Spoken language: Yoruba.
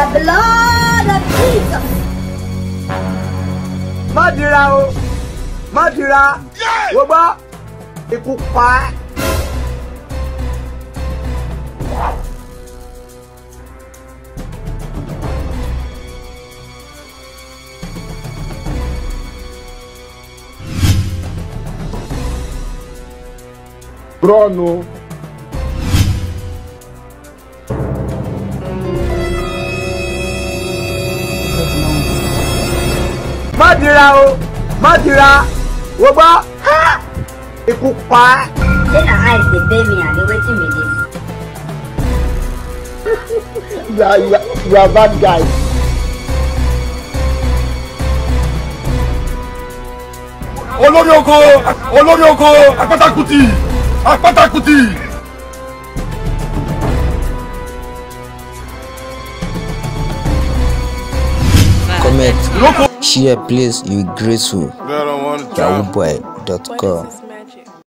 The blood of Jesus. pa. Bruno Madira, dira o má dira wo gbọ́ ikú pa. say na eyes dey pay me and wetin be dis. you are you are, bad guy. olórí oko olórí oko apátákùtì apátákùtì. comment. Share, please. You grateful. Yahooboy.com.